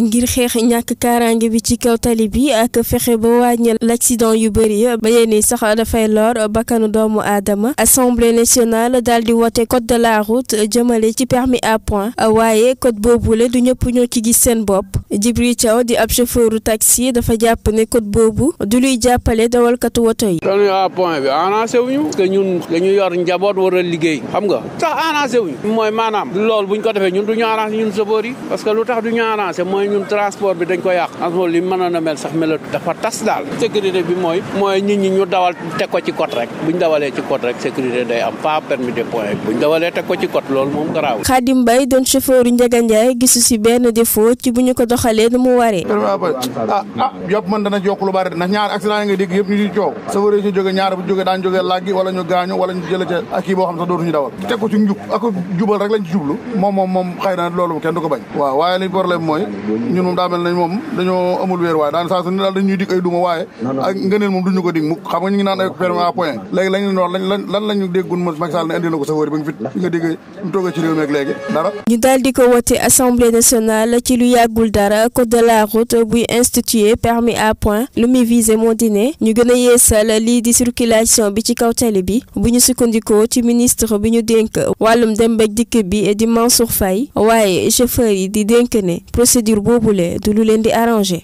ngir xeex ñàkk kaaraange bi ci kaw tali bi ak fexe ba wàññi l'accident yu bëri ba yéen sax dafay lor bakkanu doomu aadama assemblée nationale daal di wote code de la route jëmale ci permis a point waaye code boobule du ñëpp ñoo ci gis seen bopp Djibril Thiaw di ab chauffeuru taxi dafa jàpp ne code boobu du luy jàppale dawalkatu woto yi. permis à point bi annoncé parce que ñun dañu yor njaboot war a liggéey xam nga tax annoncé mooy maanaam loolu ne ñun transport bi dañ ko yàq transport li mënoon a mel sax melatu dafa tas daal sécurité bi mooy mooy nit ñi ñu dawal teg ko ci code rek buñ dawalee ci code rek sécurité day am pas permis de point buñ dawalee ko ci code loolu moom garaaw Khadim Mbaye doon chauffeur Ndiaga si benn défaut ci ko doxalee nu mu waree ah ah yëpp man dana yokk lu bari ndax ñaar accident yi nga dégg yëpp ñu di coow chauffeur yi ñu jóge ñaar bu jóge daan jóge laggi wala ñu gaañu wala ñu jële ca ak kii boo xam sax dootuñu dawal teg ko ci njub ak jubal rek lañ jublu moom moom moom xëy na loolu kenn du ko bañ waaw waaye li problème mooy ñun moom daa mel nañ moom dañoo amul weer waaye daan saa su ne daal dañuy dig ay duma waaye ak ngëneel moom ñu ngi mo Macky Sall ne indi ko safari assemblée nationale ci lu yàggul dara code la route buy instituer permis a point lu muy visé moo di ne ñu gën a yeesal lii di circulation bi ci kaw tali bi bu ñu sukkandikoo ci ministre bi ñu dénk wàllum dem ak dikk bi di Mansour Faye waaye chauffeur yi di dénk ne procédure boobule du lu leen di arrangé